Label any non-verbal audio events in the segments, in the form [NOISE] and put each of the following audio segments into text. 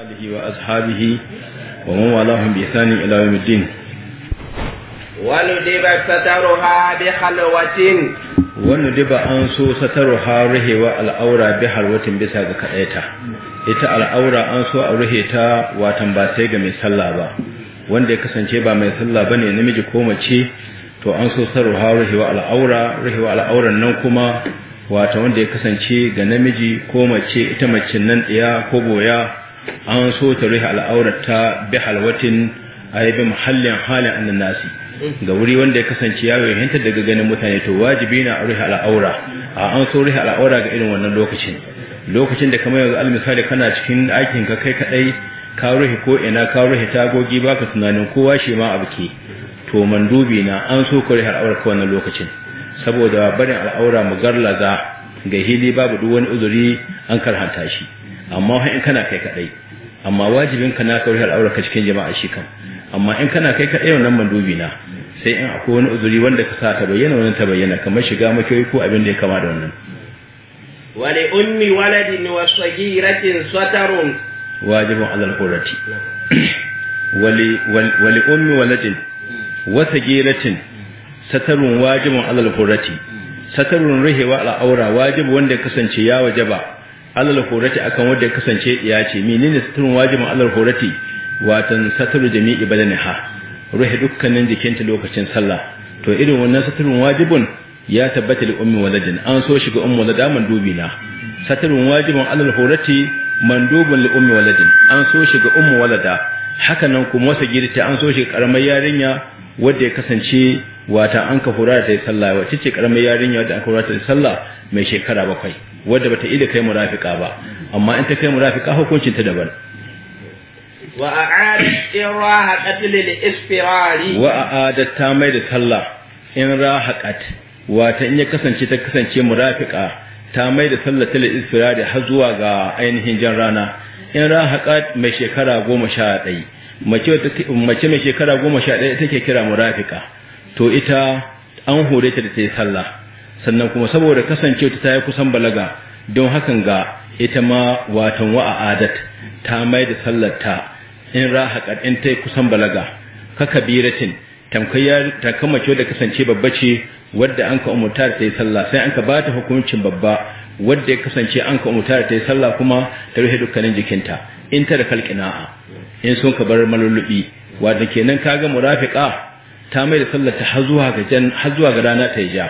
آله وأصحابه ومن والاهم بإحسان إلى يوم الدين وندب سترها بخلوة وندب أنسو سترها رهوة بحلوة بسا ita al'aura an so a ruhe ta watan ga mai sallah ba wanda ya kasance ba mai sallah bane namiji ko mace to an so sarruha ruhewa al'aura ruhewa al'auran nan kuma wata wanda ya kasance ga namiji ko mace ita mace nan ɗaya ko boya an so ta riha al'aurata bi halwatin ay bi muhallin halin annan ga wuri wanda ya kasance ya yoyinta daga ganin mutane to wajibi na a riha al'aura a an so riha al'aura ga irin wannan lokacin lokacin da kamar yanzu almisali kana cikin aikin ka kai kadai ka ruhe ko ina ka ruhe tagogi baka tunanin kowa shi ma abu ke to mandubi na an so ka riha al'aura wannan lokacin saboda barin al'aura mu garlaza ga hili babu duk wani uzuri an karhanta shi amma wa in kana kai kadai amma wajibin ka na kauri al'aura ka cikin jama'a shi kan amma in kana kai kadai wannan mandubi na sai in akwai wani uzuri wanda ka saka bayyana wannan ta bayyana kamar shiga makiyoyi ko abin da ya kama da wannan wale ummi waladin wa sagiratin satarun wajibun alal qurati wale wale ummi waladi wa sagiratin satarun wajibun alal qurati satarun rihi rihewa al'aura wajibu wanda kasance ya wajaba alal horati akan wanda ya kasance ya ce menene suturun wajibin alal horati watan saturu jami'i ha, ruhi dukkanin jikinta lokacin sallah to irin wannan saturun wajibin ya tabbata da ummi waladin an so shiga ummi walada mandubi na saturun wajibin alal horati mandubun li ummi waladin an so shiga ummi walada haka nan kuma wasa girta an so shiga karamar yarinya wanda ya kasance wata an ka hura ta sallah wacce ce karamar yarinya wanda an hura ta sallah mai shekara bakwai wadda bata ida kai murafika ba amma in ta kai murafika hukuncin ta daban wa a'adat irahaqat lil isfirari wa a'adat ta mai da sallah in rahaqat wata in ya kasance ta kasance murafika ta mai da sallah ta lil isfirari har zuwa ga ainihin jan rana in rahaqat mai shekara 11 mace mai shekara 11 take kira murafika to ita an hore ta da ta yi sallah sannan kuma saboda kasancewa ta yi kusan balaga don hakan ga ita ma watan wa'a adat ta mai da sallarta in haƙar in ta yi kusan balaga ka kabiratin tamkayya ta ce da kasance babba ce wadda an ka umurta ta yi sallah sai an ka ba ta hukuncin babba wadda ya kasance an ka umurta ta yi sallah kuma ta rufe dukkanin jikinta in ta da kalkina'a in sun ka bar malullubi wadda kenan ka ga murafiqa ta mai da sallar ta har zuwa ga har zuwa ga rana ta yi ja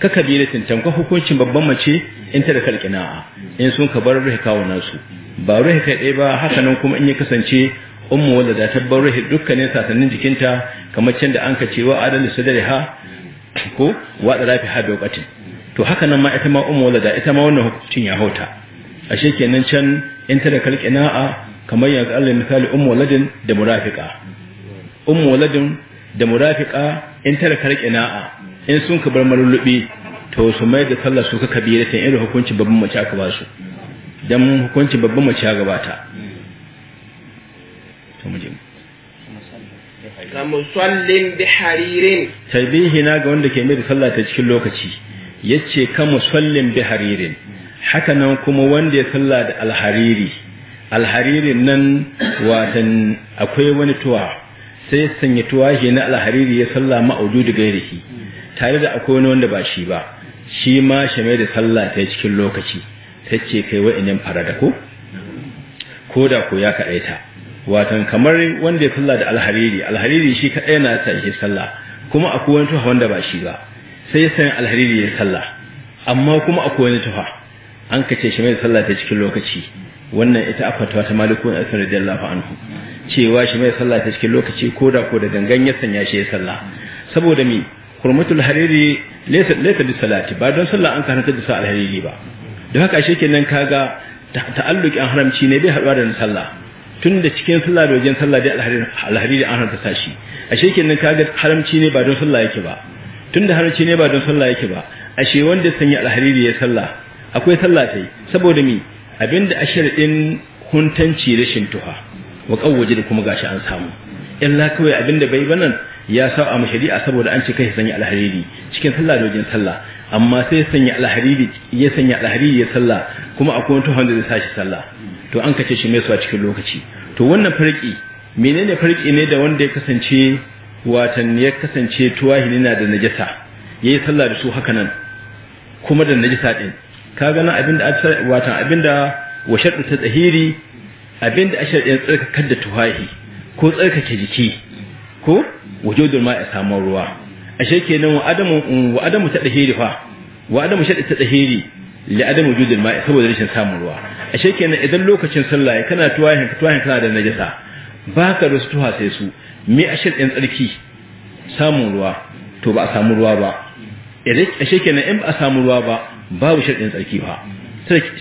ka kabiratin tamka hukuncin babban mace in ta da kalkina'a in sun ka bar ruhi kawo nasu ba ruhi kai ɗaya ba haka nan kuma in ya kasance ummu wanda da ta bar ruhi dukkanin sasannin jikinta kamar can da an ka cewa adal sadari ha ko wada rafi ha bai to haka nan ma ita ma ummu wanda da ita ma wannan hukuncin ya hauta ashe kenan can in ta da kalkina'a kamar yanzu Allah misali ummu waladin da murafika. ummu waladin da murafika in ta da kalkina'a in sun ka bar malullubi to su mai da sallah su ka kabira ta irin hukunci babban mace aka ba su dan hukunci babban mace ya gabata to mu je ka musallin bi haririn tabihi na ga wanda ke mai da sallah ta cikin lokaci yace ka musallin bi haririn haka nan kuma wanda ya sallah da alhariri alhariri nan watan akwai wani tuwa sai ya sanya tuwashi na alhariri ya salla ma'udu da shi tare da akwai wani wanda ba shi ba shi ma mai da salla ta cikin lokaci ta ce kai fara da ko ko da ko ya ta watan kamar wanda ya salla da alhariri alhariri shi kaɗai na ta shi salla kuma akwai wani tuha wanda ba shi ba sai ya sanya alhariri ya salla amma kuma akwai wani tuha an kace mai da salla ta cikin lokaci wannan ita tuwa ta malikun da radiyallahu anhu cewa shi mai sallah ta cikin lokaci ko da ko da gangan ya sanya shi ya sallah saboda mi hurmatul hariri laysa laysa bi salati ba don sallah an karanta da sa alhariri ba don haka shekenan kaga ta'alluki an haramci ne bai haɗuwa da sallah tun da cikin sallah da wajen sallah dai alhariri an haramta sashi ashe kenan kaga haramci ne ba don sallah yake ba tun da haramci ne ba don sallah yake ba ashe wanda sanya alhariri ya sallah akwai sallah yi saboda mi abinda ashirin huntanci rashin tuha wa waje da kuma gashi an samu illa kawai abinda bai banan ya sa a mashari'a saboda an ce kai sanya alhariri cikin sallah da wajen sallah amma sai sanya alhariri ya sanya alhariri ya sallah kuma akwai wani tuhon da zai sashi sallah to an kace shi mai suwa cikin lokaci to wannan farki menene farki ne da wanda ya kasance watan ya kasance tuwahili na da najasa yayi sallah da su haka nan kuma da najasa din ka nan abinda watan abinda wa shartu ta tsahiri abin da ashar ɗin tsarkakar da tuhahi ko tsarkake jiki ko wujudul ma ya ruwa ashe kenan wa adamu wa adamu ta dahiri fa wa adamu shaddi ta dahiri li adamu wujudul ma'a saboda rashin samun ruwa ashe kenan idan lokacin sallah kana ka tuhahin kana da najasa baka da tuha sai su me ashar ɗin tsarki samun ruwa to ba a samu ruwa ba ashe kenan in ba a samu ruwa ba babu shaddi tsarki fa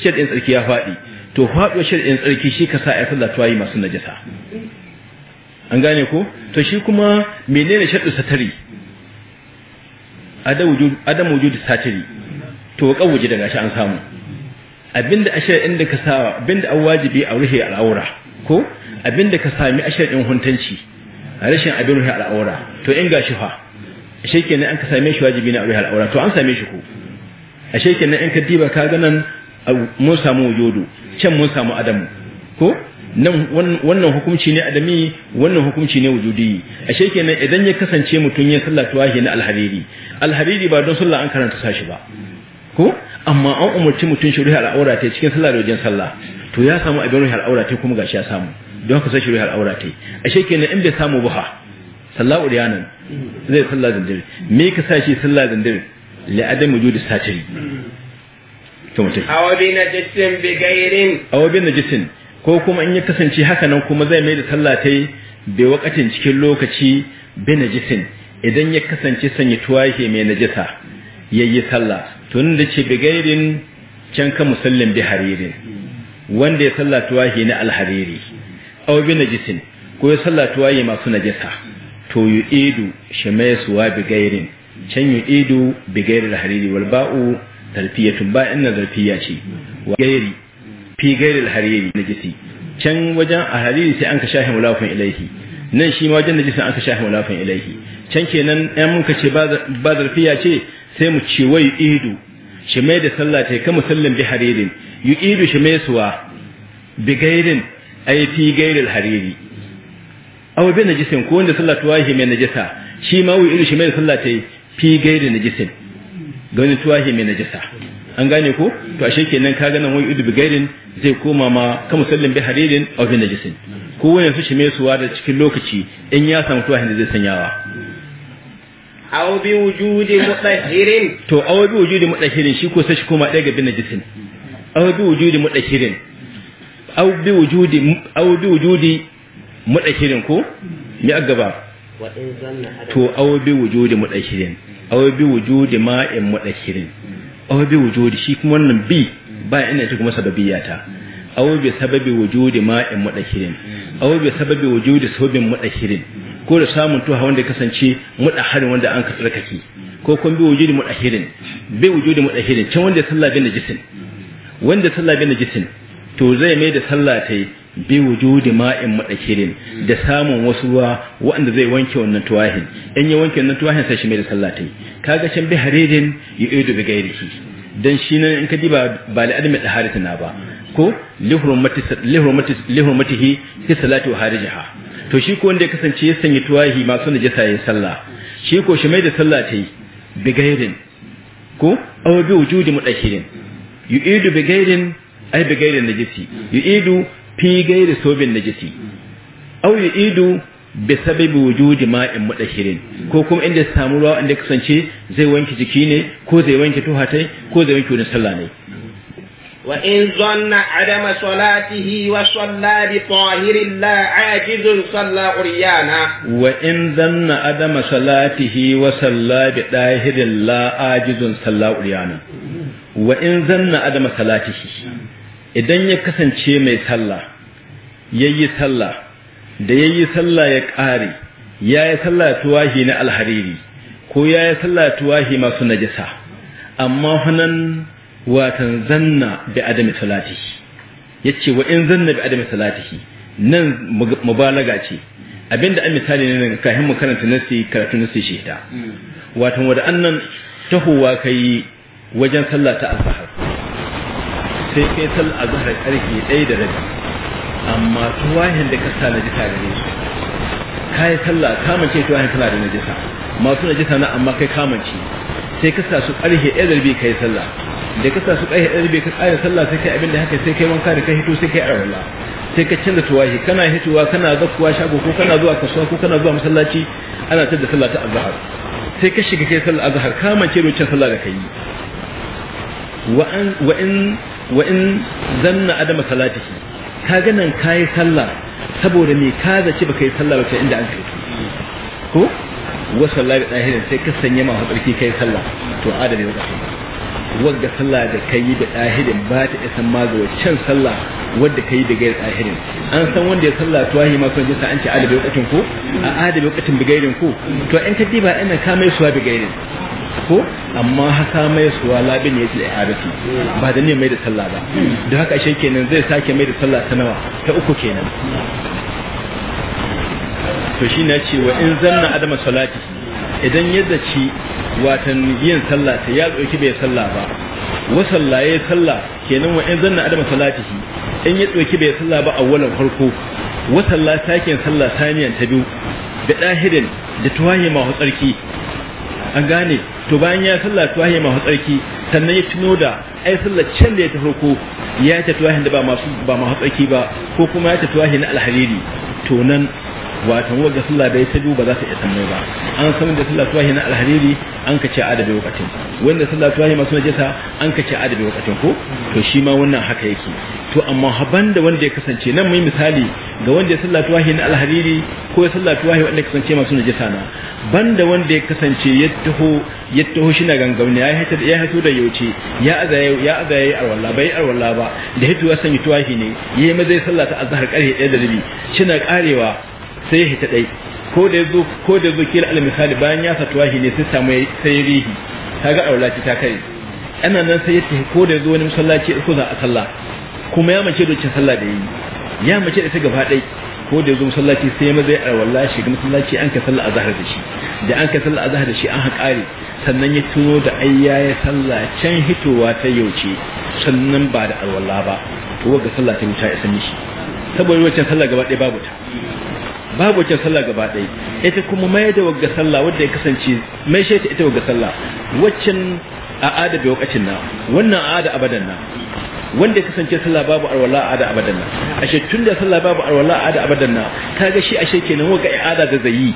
shaddi tsarki ya faɗi to faɗo shirin tsarki shi ka sa a sallah yi masu najasa an gane ko to shi kuma menene shaɗu satari adam wujudu satari to kan wuji daga shi an samu abinda a shirin da ka sa abinda an wajibi a rufe al'aura ko abinda ka sami a shirin huntanci a rashin abin rufe al'aura to in gashi fa ashe kenan an ka same shi wajibi na rufe al'aura to an same shi ko ashe kenan in ka diba ka ganan mun samu wujudu can mun samu adamu ko nan wannan hukunci ne adami wannan hukunci ne wujudi ashe nan idan ya kasance mutum ya sallah tuwahi na alhariri alhariri ba don sallah an karanta sashi ba ko amma an umarci mutum shari'a al'aura ta cikin sallah da wajen sallah to ya samu abin ruhi al'aura ta kuma gashi ya samu don haka sai shari'a al'aura ta ashe nan in bai samu buha sallah uriyanan zai sallah zindir me ka sa shi sallah zindir la adam wujudi satiri to ko kuma in ya kasance haka nan kuma zai mai da sallata tai bai wakatin cikin lokaci bi najisin idan ya kasance sanya tuwahi mai najisa yi sallah tun da ce bi gairin can ka musallin bi haririn wanda ya sallah tuwahi na alhariri aw bi najisin ko ya salla tuwahi masu najisa to yi yu'idu shimaysuwa bi gairin can yu'idu bi gairin hariri wal zarfiyatun ba inna zarfiya ce wa gairi fi gairi al-hariri jisi can wajen al-hariri sai an ka shahi mulafin ilaihi nan shi ma wajen najisi an ka shahi mulafin ilaihi can kenan ɗan mun kace ba zarfiya ce sai mu ce wai idu shi mai da sallah ta ka musallin bi haririn yu idu shi mai suwa bi gairin ai fi gairil hariri aw bi najisin ko wanda sallah tuwahi mai najisa shi ma wai idu shi mai sallah ta fi gairi najisin gani tuwahi mai najasa an gane ko to ashe kenan ka ganin wani udu bigairin zai koma ma ka sallin bi haririn aw bi najisin ko wani su shime suwa da cikin lokaci in ya samu tuwahin da zai sanyawa aw bi wujudi mutahhirin to aw bi wujudi mutahhirin shi ko sai shi koma ɗaya ga bi najisin aw bi wujudi mutahhirin aw bi wujudi aw bi wujudi mutahhirin ko mi agaba. to aw bi wujudi mudashirin aw bi wujudi ma'in mudashirin aw bi wujudi shi kuma wannan bi ba ina ta kuma sababiyya ta aw bi sababi wujudi ma'in mudashirin aw bi sababi wujudi sababin mudashirin ko da samun tuha wanda ya kasance harin wanda an tsarkake ko kun bi wujudi mudashirin bi wujudi mudashirin can wanda sallah bin najisin wanda sallah bin najisin to zai mai da sallah ta yi bi wujudi ma'in mudakirin da samun wasu ruwa wanda zai wanke wannan tuwahin in ya wanke wannan tuwahin sai shi mai da sallah tai kaga can bi ya yu'idu bi ghairihi dan shi nan in ka diba ba li adami taharata na ba ko li hurmati li hurmati li hurmatihi fi salati wa harijaha to shi ko wanda ya kasance ya sanya tuwahi masu najasa yayin sallah shi ko shi mai da sallah tai bi gairin ko aw bi wujudi mudakirin yu'idu bi gairin ai bi ghairin najisi yu'idu fi gairi sobin na au yi idu bi sababi wujudi ma'in mudashirin ko kuma inda ya samu ruwa inda kasance zai wanke jiki ne ko zai wanke tuhatai ko zai wanke wurin sallah ne wa in zanna adama salatihi wa salla bi tahirin la ajizun salla uriyana wa in zanna adama salatihi wa salla bi tahirin la ajizun salla uriyana wa in zanna adama salatihi idan ya kasance mai sallah yayi sallah da yayi sallah ya ƙare yayi sallah tuwahi na alhariri ko yayi sallah tuwahi masu najasa amma hanan watan zanna bi adami salatihi yace wa in zanna bi adami salatihi nan mubalaga ce abinda an misali ne ka mu karanta nasi karatu nasi shehda mm. watan wada annan tahowa kai wajen sallah ta azhar sai kai sal azhar karfe ɗaya da rabi amma tuwahin da ka sa na jisa gare su kai sallah kamun ce tuwahin tana da najisa masu najisa na amma kai kamun ce sai ka sa su karfe ɗaya da rabi kai sallah da ka sa su karfe ɗaya da rabi ka tsaya sallah sai kai abin da haka sai kai wanka da kai hito sai kai a arwala sai ka canza tuwahi kana hitowa kana zakkuwa shago ko kana zuwa kasuwa ko kana zuwa masallaci ana da sallah ta azhar sai ka shiga kai sallar azhar ka mace mai cin sallah da kai wa an wa in wa in zanna adama salatihi ka ga nan kai sallah saboda me ka zaci baka yi sallah ba inda an kai ko wa sallah da dahirin sai ka sanya ma hadarki kai sallah to adalin da wadda sallah da kai da dahirin ba ta isa ma ga wancan sallah wadda kai da gairin dahirin an san wanda ya sallah to wahi ma kun sa an ce adabi lokacin ko a adabi lokacin bi gairin ko to in ka diba ina ka mai suwa bi gairin ko amma haka mai suwa labin ya ce iharati ba da ne mai da sallah ba da haka shi kenan zai sake mai da sallah ta nawa ta uku kenan to shi na ce wa in zanna adama salati idan yadda ci watan yin sallah ta ya ɗauki bai sallah ba wa sallaye sallah kenan wa in zanna adama salatihi in ya ɗauki bai sallah ba awwalan farko wa sallah sakin sallah saniyan ta biyu da dahirin da tuwaye masu tsarki an gane to bayan ya salla tuwahi masu tsarki sannan ya tuno da ai sallah can da ya ta farko ya ta tuwahi da ba masu ba masu tsarki ba ko kuma ya ta tuwahi na alhariri to nan watan wanda sallah da ya ta ba za ta iya samu ba an san da sallah tuwahi na alhariri an kace adabi wakatin wanda sallah tuwahi masu najasa an kace adabi wakatin ko to shi ma wannan haka yake to amma da wanda ya kasance nan mai misali ga wanda ya sallatu wahi na alhariri ko ya sallatu wahi wanda ya kasance masu najasa na ban da wanda ya kasance ya taho ya taho shi na gangamni ya hito ya hito da yauce ya azaya ya azaye arwalla bai arwalla ba da hito ya sanya tuwahi ne yayi ma zai sallata azhar karhe ɗaya da rabi shi na karewa sai ya hita dai ko da yazo ko da yazo kila al misali bayan ya sa tuwahi ne sai samu sai rihi kaga arwalla ta kai ana nan sai ya ko da yazo wani masallaci ko za a sallah kuma ya mace dokin sallah da yi ya mace da ta gaba dai ko da yazo masallaci sai maza ya wallahi shiga masallaci an ka sallah azhar da shi da an ka sallah azhar da shi an haƙare sannan ya tuno da ayya ya sallah can hitowa ta yauce sannan ba da alwala ba to ga sallah ta wuta ya sani shi saboda wacce sallah gaba dai babu ta babu wacce sallah gaba dai ita kuma mai da wagga sallah wanda ya kasance mai shaita ita wagga sallah waccan a'ada da wakacin na wannan a'ada abadan na wanda ya kasance sallah babu alwala ada abadan ashe tun da sallah babu alwala ada abadan na kaga shi ashe kenan ga i'ada da zayi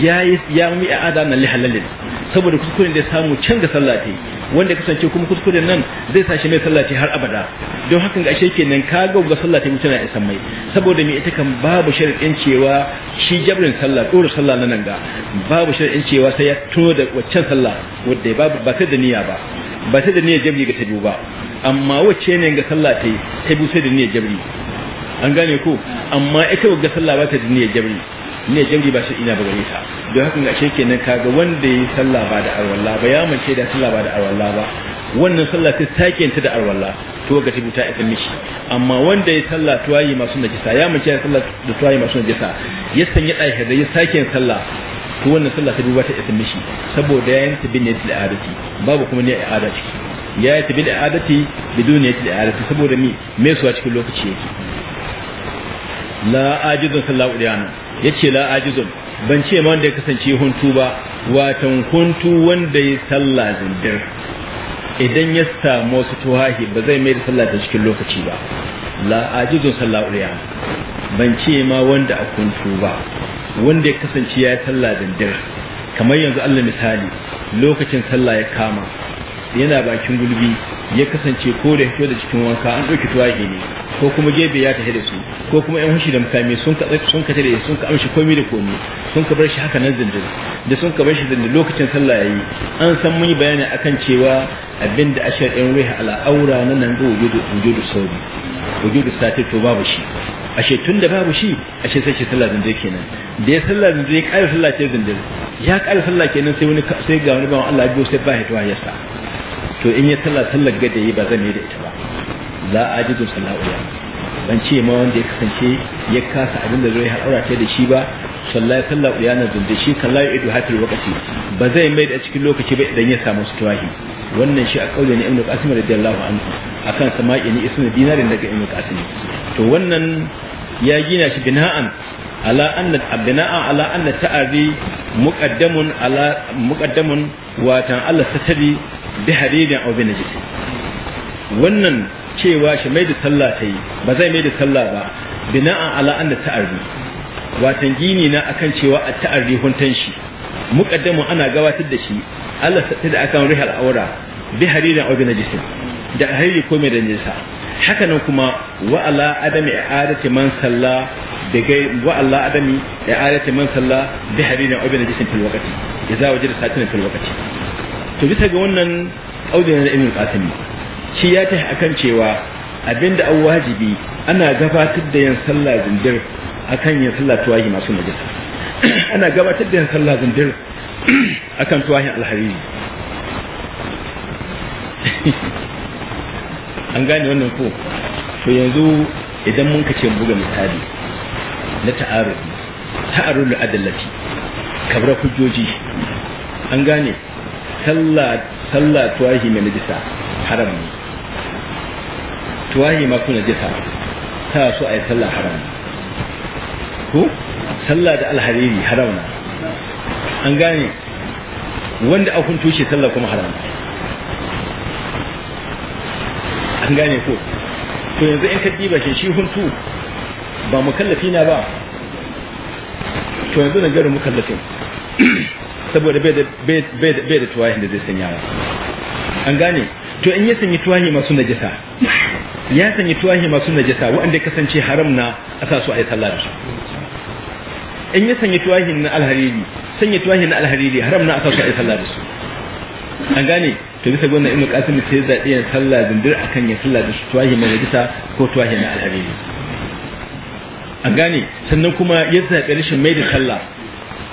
yayi ya mu i'ada nan li halalin saboda kuskuren da ya samu can ga sallah ta wanda ya kasance kuma kuskuren nan zai sashi mai sallah har abada don hakan ga ashe kenan kaga ga sallah ta mutuna isan mai saboda me ita kan babu sharadin cewa shi jabrin sallah dora sallah nan ga babu sharadin cewa sai ya to da waccan sallah wanda babu ba ta da niyya ba ba ta da niyyar jami'i ga ta ba amma wacce ne ga sallah ta yi ta bi sai da niyyar jabri an gane ko amma ita ga sallah ba ta da niyyar jabri niyyar jabri ba shi ina ba gare ta don haka ga nan kaga wanda yi sallah ba da arwalla ba ya mace da sallah ba da arwalla ba wannan sallah ta take ta da arwalla to ga ta buta ita mishi amma wanda ya sallah tuwayi masu najisa ya mace da sallah da tuwayi masu najisa ya sanya ya da ya sake sallah to wannan sallah ta duba ta ita mishi saboda ya yanta binne da al'adati babu kuma ne a ciki ya yi tabi da adati bidun ya da adati saboda mi mai suwa cikin lokaci yake la ajizun sallahu alaihi ya ce la ajizun ban ce ma wanda ya kasance huntu ba watan huntu wanda ya salla zindir idan ya samu wasu tuhahi ba zai mai da salla ta cikin lokaci ba la ajizun sallahu alaihi ban ce ma wanda a huntu ba wanda ya kasance ya yi salla zindir kamar yanzu Allah misali lokacin sallah ya kama yana bakin gulbi ya kasance ko da fito da cikin wanka an ɗauki tuwaki ne ko kuma gebe ya tafi da su ko kuma yan hushi da mukami sun ka sun ka tare sun ka amshi komai da komai sun ka bar shi haka nan zindin da sun ka bar shi zindin lokacin sallah yayi an san mun yi bayani akan cewa abinda ashar ɗin ruhi al'aura na nan ga wujudu wujudu sauri wujudu sati to babu shi ashe tun da babu shi ashe sai shi sallah zindin kenan da ya sallah zindin ya ƙara sallah ce zindin ya ƙara sallah kenan sai wani sai ga wani bawan Allah ya biyo sai ba ya tuwa ya sa to in ya sallah sallar gada yi ba zan yi da ita ba la ajidu salla'uya ban ce ma wanda ya kasance ya kasa abin da zai haƙura ta da shi ba sallai sallah uyana zunde shi ya idu hatil wakati ba zai mai da cikin lokaci ba idan ya samu sutuwahi wannan shi a kaulin ibnu qasim radiyallahu anhu akan sama'i ni ismu dinarin daga ibnu qasim to wannan ya gina shi bina'an ala anna abna'a ala anna ta'ari muqaddamun ala muqaddamun wa tan bi hadidin aw bi wannan cewa shi mai da sallah ta yi ba zai mai da sallah ba bina'an ala anna ta'arri watan gini na akan cewa a ta'arri huntan shi muqaddamu ana gabatar da shi Allah ta da akan rihal aura bi haririn aw bi najisin da hariri ko mai da nisa haka nan kuma wa ala adami i'adati man salla da gai wa Allah adami i'adati man salla bi haririn aw bi najisin fil waqti idza wajada satin fil waqti to bisa ga wannan ƙaudin na ibn qasim shi ya tafi akan cewa abinda an wajibi ana gabatar da yin sallah zindir akan yin sallah tuwahi masu najasa [CLEARS THROAT] ana gabatar da yin sallah zindir [CLEARS THROAT] akan tuwahin alhariri [LAUGHS] an gane wannan ko to yanzu idan mun kace buga misali na ta'arudi ta'arudi adallati kabra hujjoji an gane sallah tuwahi na najisa haram ne tuwahi masu najisa ta so a yi sallah haram ne ko sallah da alhariri haram na an gane wanda akun tushe sallah kuma haram an gane ko to yanzu in ka diba shi shi huntu ba mukallafi na ba to yanzu na gari mukallafin [CLEARS THROAT] saboda bai da tuwahin da zai sanya ba an gane to in ya sanya tuwahi masu najisa. ya sanyi tuwahi masu najisa waɗanda kasance haram na a sa su a yi sallah da su in ya sanya tuwahi na alhariri sanya tuwahi na alhariri haram na a sa su a yi sallah da su an gane to bisa gwamna ibnu qasim sai zaɓi yin sallah zindir akan ya sallah da su tuwahi mai najisa ko tuwahi na alhariri an gane sannan kuma ya zaɓi rashin mai da sallah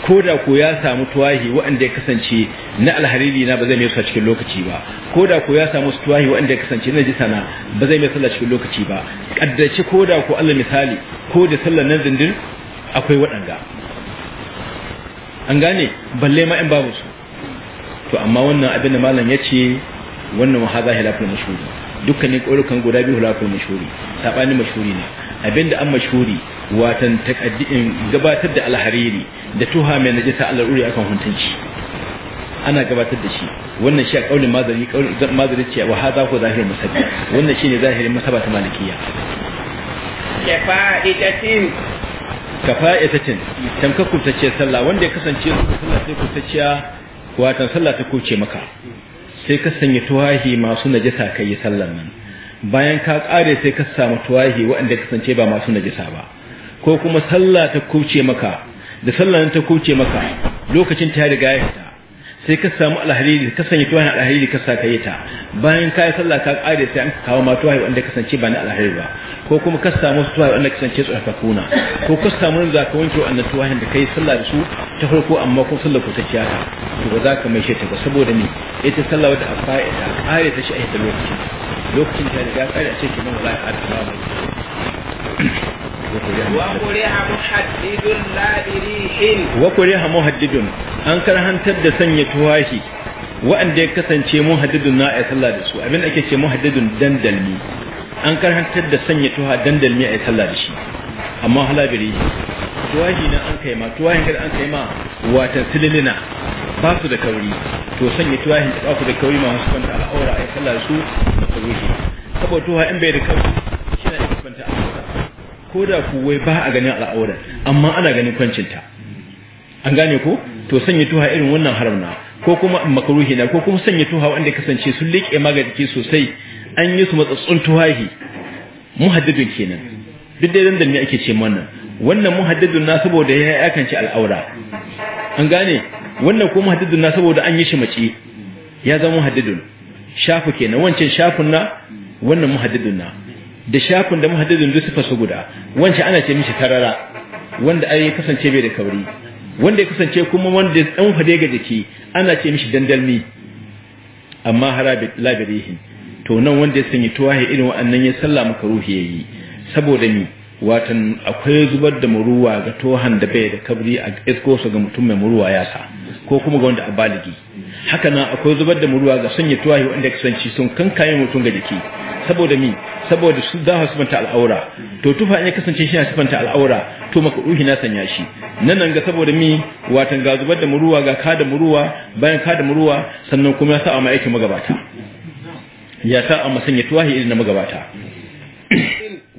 ko da ko ya samu tuwahi waɗanda ya kasance na alhariri na ba zai mai cikin lokaci ba ko da ko ya samu tuwahi waɗanda ya kasance na jisa na ba zai mai sallah cikin lokaci ba kaddace ko da ko Allah misali ko da sallar nan dindin akwai waɗanda an gane balle ma in babu su to amma wannan abin da malam ya ce wannan wa haza hilafin mashhuri dukkanin ƙorukan guda biyu hilafin mashhuri sabani mashhuri ne abin da an mashhuri watan takaddin gabatar da alhariri da tuha mai najisa al'uri akan huntunci ana gabatar da shi wannan shi a kaulin mazari kaulin mazari ce wa hada ko zahirin musabbi wannan shine zahirin masaba ta malikiya kafa'idatin kafa'itatin tamka kubtacce sallah wanda ya kasance sallah sai kubtacciya watan sallah ta kuce maka sai ka sanya tuwahi masu najisa kai sallan nan bayan ka kare sai ka samu tuwahi waɗanda kasance ba masu najisa ba ko kuma sallah ta kuce maka da sallah ta kuce maka lokacin ta riga ya fita sai ka samu alhariri ka sanya tuwahin alhariri ka saka yi ta bayan ka yi sallah ka kare sai an kawo ma tuwa wanda kasance ba na alhariri ba ko kuma ka samu tuwa wanda kasance tsarkakuna ko ka samu wanda zaka wanke wannan tuwahin da kai sallah da su ta farko amma ko sallah ko ta ciyata to ba za ka shi ta ba saboda ni, ita sallah wata a fa'ida kare ta shi a lokacin lokacin ta riga kare a cikin wallahi a ta ba وكره محدد لا بريح an karhantar da sanya tuwashi waɗanda ya kasance muhaddidun na a sallah da su abin da ake ce muhaddidun dandalmi an karhantar da sanya tuha dandalmi a sallah da shi amma halabiri tuwashi na an kai ma tuwashi da an kai ma watan sililina ba su da kauri to sanya tuwashi da ba su da kauri ma wasu kanta al'aura a sallah da su da kauri saboda tuha in bai da kauri ko da ku wai ba a ganin al'aurar amma ana ganin kwancinta an gane ko to sanya tuha irin wannan haram na ko kuma makaruhi na ko kuma sanya tuha wanda kasance sun leƙe maga jiki sosai an yi su matsatsun tuhahi muhaddadun kenan duk da yadda me ake ce wannan wannan muhaddadun na saboda ya yakance al'aura an gane wannan ko muhaddadun na saboda an yi shi mace ya zama muhaddadun shafu kenan wancan shafun na wannan muhaddadun na da shafin da muhaddidin duk sifa su guda wanda ana ce mishi tarara wanda ai kasance bai da kauri wanda ya kasance kuma wanda dan fade ga jiki ana ce mishi dandalmi amma harabi labirihi to nan wanda ya sanya tuwahi irin wa'annan ya salla ka ruhi yayi saboda ni watan akwai zubar da muruwa ga tohan da bai da kabri a iskosa ga mutum mai muruwa ya sa ko kuma ga wanda a baligi haka nan akwai zubar da muruwa ga sanya tuwahi wanda ya kasance sun kayan mutum ga jiki saboda mi saboda su za su manta al'aura to tufa ya kasance shi na sifanta al'aura to ruhi na sanya shi nan nan ga saboda mi watan ga zubar da muruwa ga ka da muruwa bayan ka da muruwa sannan kuma ya sa a ma'aikin magabata ya sa a masanya tuwahi irin na magabata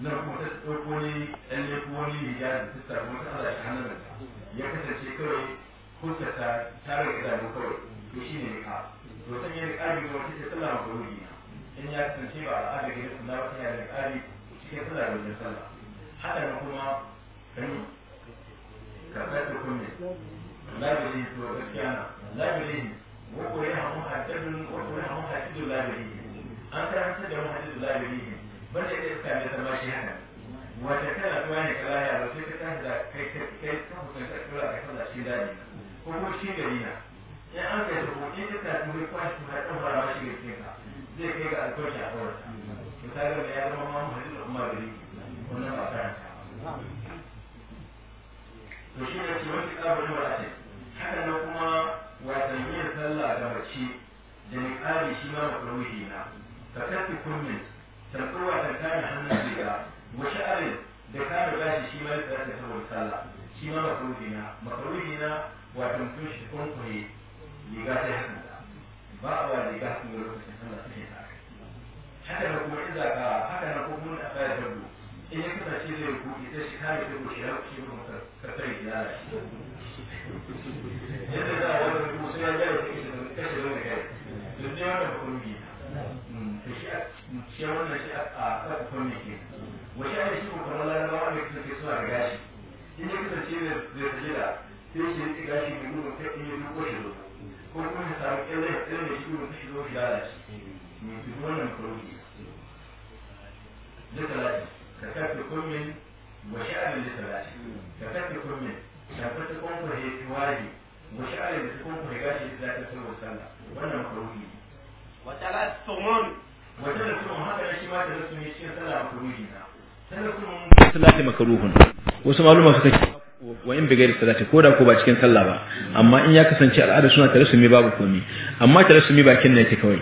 na kuma ta ɗauko wani ɗan ne ko wani da ta samu wata ala shi hannun ya kasance kawai kusa ta tare da idanu kawai to shi ne ka to san yi ƙari ga wata ta sallah ma na in ya kasance ba al'ada ga yadda na wata yana ƙari cikin sallah da wajen sallah haka na kuma kan karɓar da kunne labiri to gaskiya na labiri wako yana mun hajjadun wako yana mun hajjadun labiri an karanta da mun hajjadun labiri banda ya iska ne shi hana wata kana kuma ne kala ya sai ka tashi da kai kai kan kula a kan da shi dani ko kuma shi gari na fat kunne ke wace ne shi ko kamar larabawa ne suke suna da gashi in ya kasance da da sajida sai shi ne gashi mai nuna kai ne ko shi ko kuma ya samu shi ko shi makruhun wasu maluma suka ce wa in bigairi salati ko da ko ba cikin sallah ba amma in ya kasance al'ada suna tare su babu komai amma tare su bakin nan yake kawai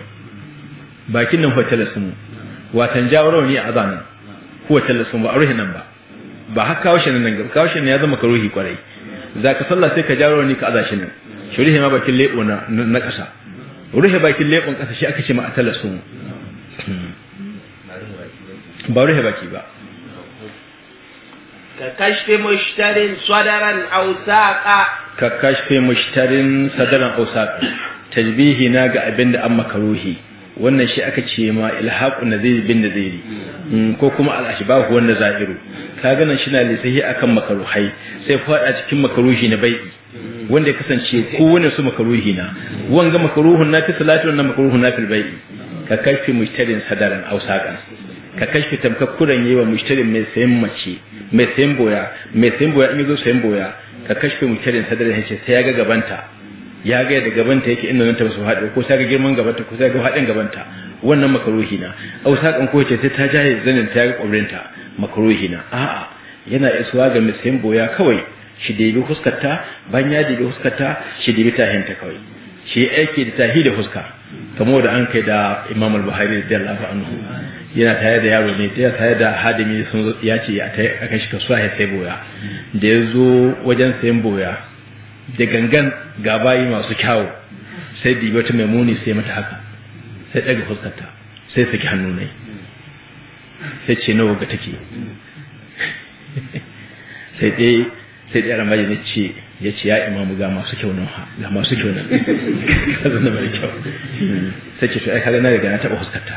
bakin nan hotel sun watan jawaro ne a zanen ko hotel sun ba a ruhi nan ba ba har kawo shi nan nan kawo shi ne ya zama karuhi kwarai za ka sallah sai ka jawaro ne ka aza shi nan shurihi ma bakin lebo na na kasa ruhi bakin lebon kasa shi aka ce ma a talasun hmm. ba ruhi baki ba ka kashfe mushtarin sadaran aw saqa ka kashfe mushtarin sadaran aw saqa tajbihi na ga abinda an makaruhi wannan shi aka ce ma ilhaqu nazir bin naziri mm, ko kuma al-ashbahu wanda zahiru kaga nan shi na lisahi akan makaruhai sai fada cikin makaruhi na bai wanda ya kasance wani su makaruhi na wanga makaruhun na fi wannan makaruhun na bai ka kashfe mushtarin sadaran aw saqa ka kashfe tamkakkuran yayi mushtarin mai sayan mace mai sayan boya mai sayan boya in yazo sayan boya ka kashfe mutarin sadarin hace sai ya ga gabanta ya ga da gabanta yake inda ta su haɗe ko sai ga girman gabanta ko sai ga haɗin gabanta wannan makaruhi na au sakan ko ce sai ta jaye zanin ta ga ta makaruhi na a'a yana isuwa ga mai sayan boya kawai shi bi huskarta ban ya bi huskarta shi ta tahinta kawai shi aiki da tahi da huska kamar da an kai da Imam al-Buhari radiyallahu anhu yana tare da yaro ne yana tare da hadimi sun ya ce a kai shi kasuwa ya sai boya da ya zo wajen sayan boya da gangan ga bayi masu kyawu sai dibi wata mai muni sai mata haka sai daga fuskarta sai saki hannu ne sai ce nawa ga take [LAUGHS] sai dai sai dai ramaji ne ce ya ce ya imamu ga masu kyau nan ga masu kyau nan [LAUGHS] ka zana mai kyau sai ce to ai kaga na riga na taba huskarta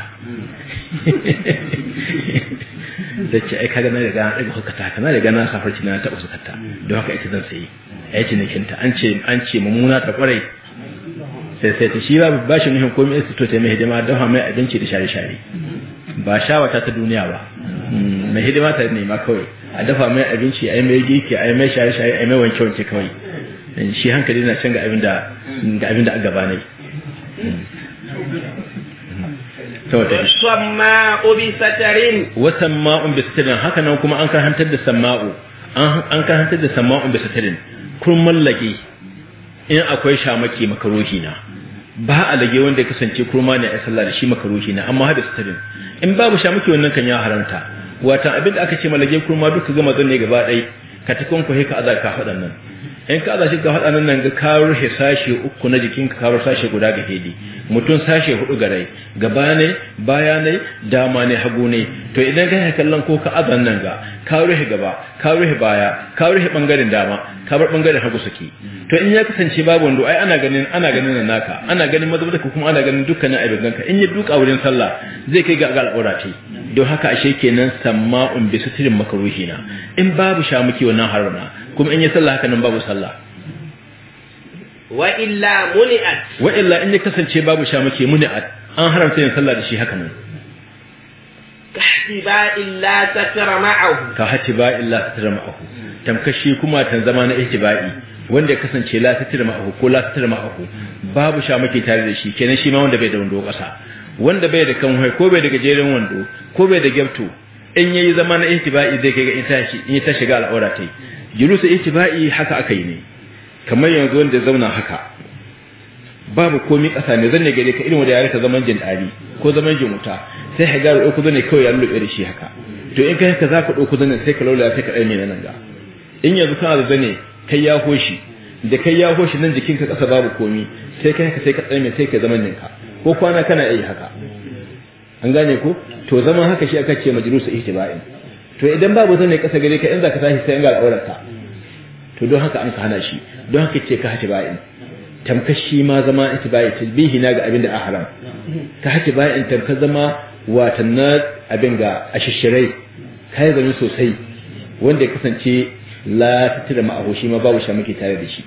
[LAUGHS] sai ce ai kaga na riga na taba huskarta kana riga na safarci na taba huskarta don haka ita zan sayi ai ce nikinta an ce an ce mummuna ta kwarai sai sai ta shi ba shi nufin komai sai to ta mai hidima don ha mai abinci da share share ba shawata ta duniya ba Mm, mai hidima ta nema kawai a dafa mai abinci a yi mai girki a yi mai shaye-shaye a yi mai wanke-wanke kawai mm, shi hankali na can ga abin da a gaba ne mm. wasamma'u bi satarin wasamma'u bi satarin haka nan kuma an karantar da sama'u an karantar da samma'u bi satarin kun in akwai shamaki makaruhi na ba a lage wanda ya kasance kurma ne a sallah da shi makaruhi ne amma ta sitarin in babu sha muke wannan kan ya haramta wata abin da aka ce malage kurma duka gama zan ne gaba dai ka ta kunku ka azaka faɗan nan in ka za shi ka hada nan ga ka shi sashe uku na jikinka ka sashe guda ga hedi mutum sashe hudu ga rai gaba ne baya ne dama ne hagu ne to idan ka kallon ko ka azan nan ga ka shi gaba ka shi baya ka shi bangaren dama ka bar bangaren hagu suke to in ya kasance babu wando ai ana ganin ana ganin naka ana ganin mazabar ka kuma ana ganin dukkanin ganka in ya duka wurin sallah zai kai ga al'aura ce don haka ashe kenan samma'un bi makaruhina na in babu shamuki wannan haruna kuma in yi sallah haka nan babu sallah wa illa muni'at wa illa in ya kasance babu sha muke muni'at an haramta yin sallah da shi haka nan ka illa ba ma'ahu ka hatiba illa satara ma'ahu tamkashi kuma tan zama na ihtibai wanda ya kasance la tatir ma'ahu ko la tatir ma'ahu babu muke tare da shi kenan shi ma wanda bai da wando kasa wanda bai da kanwai ko bai da gajeren wando ko bai da gyabto in yayi zama na ihtibai zai kai ga in ta shiga al'aura tai julusu itiba'i haka aka yi ne kamar yanzu wanda zauna haka babu komai kasa ne zanne gare ka irin wanda ya rika zaman jin dadi ko zaman jin wuta sai ka garo ku zane kawai ya lulluɓe da shi haka to in kai haka za ka ɗauko zane sai ka laula sai ka ɗan ne nan ga in yanzu kana da zane kai ya hoshi da kai ya hoshi nan jikinka kasa babu komai sai kai haka sai ka ɗan sai ka zaman ninka ko kwana kana yi haka an gane ko to zaman haka shi aka ce majlisu ihtiba'in to idan babu zane kasa gare ka in za ka tashi sai ga al'aurarka to don haka an ka hana shi don haka ce ka haci ba'in tamkar shi ma zama itibai tilbihi na ga abin da a haram ka haci ba'in tamkar zama watan na abin ga ashishirai kai zami sosai wanda ya kasance la da ma'aho shi ma babu muke tare da shi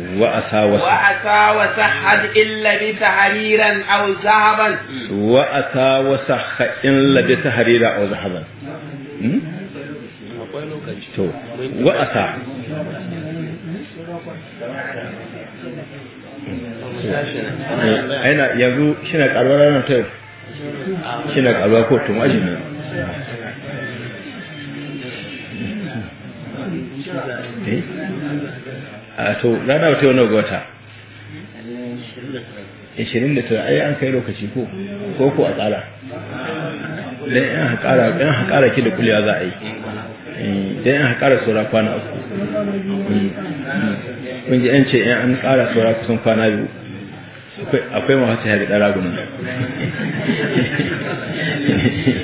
وأسى وسح وأسى وسحد إن لبث أو ذهبا وأسى وسح إن لبث حريرا أو ذهبا وأسى أين يبدو شنك ألوانا تير شنك ألوانا كورتم أجمعين a to rana ta yau ga wata 29 ai an kai lokaci ko ko ko a tsara dan yan haƙara dan haƙara ki da kuliya za a yi eh, dan yan hakara saura kwana uku kun hmm. ji an ce yan an ƙara saura kusan kwana biyu akwai mawata ya da ɗara gunan [LAUGHS]